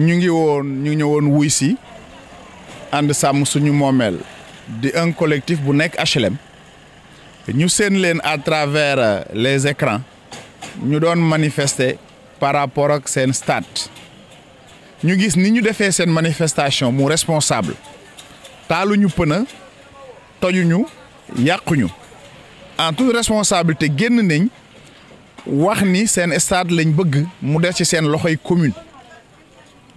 Nous sommes ici, un collectif bu nekk HLM Nous à travers euh, les écrans Nous doon manifester par rapport à ce stade Nous avons ni ñu manifestation mon responsable et nous tojuñu en toute responsabilité génn wax ni stade lañ commune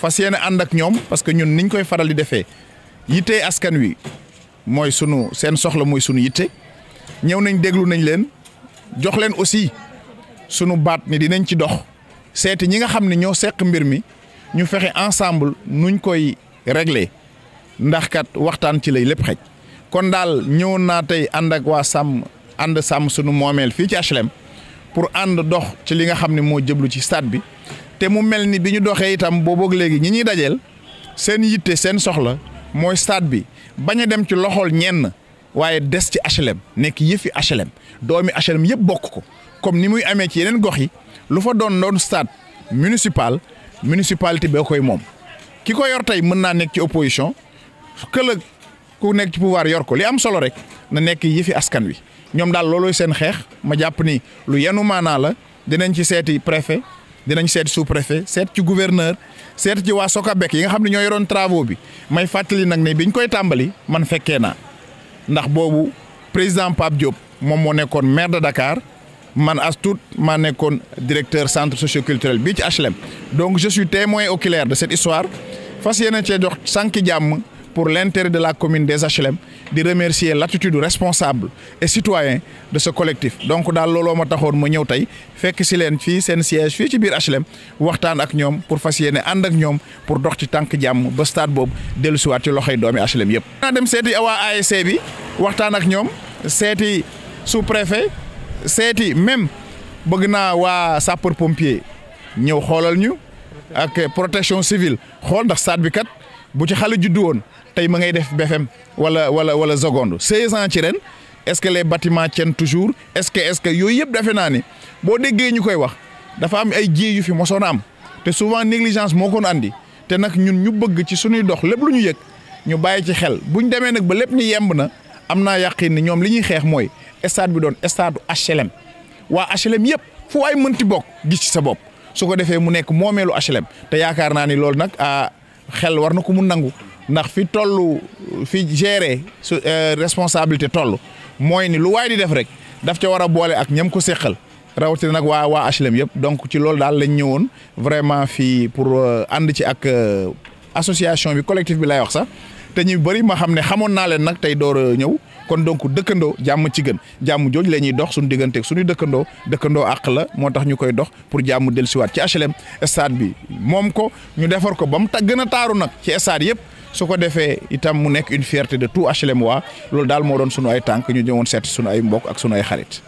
fas yéene ànd ak ñoom parce que ñun niñ koy faral di defee yitte askan wi mooy sunu seen soxla mooy sunu yitte ñëw nañ déglu nañ leen jox leen aussi sunu baat ni dinañ ci dox seeti ñi nga xam ni ñoo seq mbir mi ñu fexe ensemble nuñ koy régler ndax kat waxtaan ci lay lépp xej kon daal ñëwoon naa tey ànd ak waa sàmm ànd sàmm sunu moomeel fii ci HLM pour ànd dox ci li nga xam ne moo jëblu ci stade bi. te mu mel ni bi ñu doxee itam booboog léegi ñi ñuy dajeel seen yitte seen soxla mooy stade bi bañ a dem ci loxol ñenn waaye des ci HLM nekk yëfi HLM doomi HLM yëpp bokk ko comme ni muy amee ci yeneen gox yi lu fa doon doon stade municipal municipalité bee koy moom ki ko yor tey mën naa nekk ci opposition këlëg ku nekk ci pouvoir yor ko li am solo rek na nekk yëfi askan wi ñoom daal loolooy seen xeex ma jàpp ni lu yenu maanaa la dinañ ci seeti préfet dinañ seet sous préfet seet ci gouverneur seet ci waa Socabek yi nga xam ne ñoo yoroon travaux bi may fàttali nag ne biñ koy tàmbali man fekkee naa ndax boobu président Pape Diop moom moo nekkoon maire de Dakar man as tuut maa nekkoon directeur centre socioculturel bii ci HLM. donc je suis témoin oculaire de cette histoire fas yéene cee jox sànq jàmm pour l'intérêt de la commune des HLM de remercier l'attitude responsable et citoyen de ce collectif donc dans looloo ma taxoon nous que si siège fi ci HLM waxtaan pour faciliter and ak ñom pour dox ci tank jam ba stade ci doomi HLM na dem ASC bi waxtaan ak sous-préfet même bëgg na wa sapeur pompier ñew xolal ñu ak protection civile xol ndax stade bi kat. bu ci xale juddu woon tey ma ngay def BFM wala wala wala seconde seize ans ci ren est-ce que les bâtiments toujours est-ce que est-ce yooyu yëpp defe naa ni boo déggee ñu koy wax dafa am ay jéey yu fi mosoon a am te souvent négligence moo koon andi te nag ñun ñu bëgg ci suñuy dox lépp lu ñu yëg ñu bàyyi ci xel bu ñu demee nag ba lépp ni yemb na am naa yàqin ni ñoom li ñuy xeex mooy stade bi doon stade HLM waa HLM yëpp fu waay mënti bokk gis ci sa bopp su ko defee mu nekk moomeelu HLM te yaakaar naa ni loolu nag ah, xel war na ko mun nangu ndax fi toll fi gérer su euh, responsabilité toll mooy ni lu waay di def rek daf ca war a boole ak ñam ko séqal rawatina nag waa waa HLM yëpp donc ci loolu daal lañ woon vraiment fii pour euh, ànd ci ak euh, association bi collectif bi lay wax sax te ñu bëri ma xam ne xamoon naa leen nag tey door ñëw. kon donc dëkkandoo jàmm ci gën jàmm jooj la ñuy dox suñu digganteeg suñu dëkkandoo dëkkandoo àq la moo tax ñu koy dox pour jàmm dellusiwaat ci HLM stade bi moom ko ñu defar ko ba mu ta gën taaru nag ci stade yëpp su ko defee itam mu nekk une fierté de tout HLM wa loolu daal moo doon suñu ay tànk ñu ñëwoon seet sunu ay mbokk ak sunu ay xarit.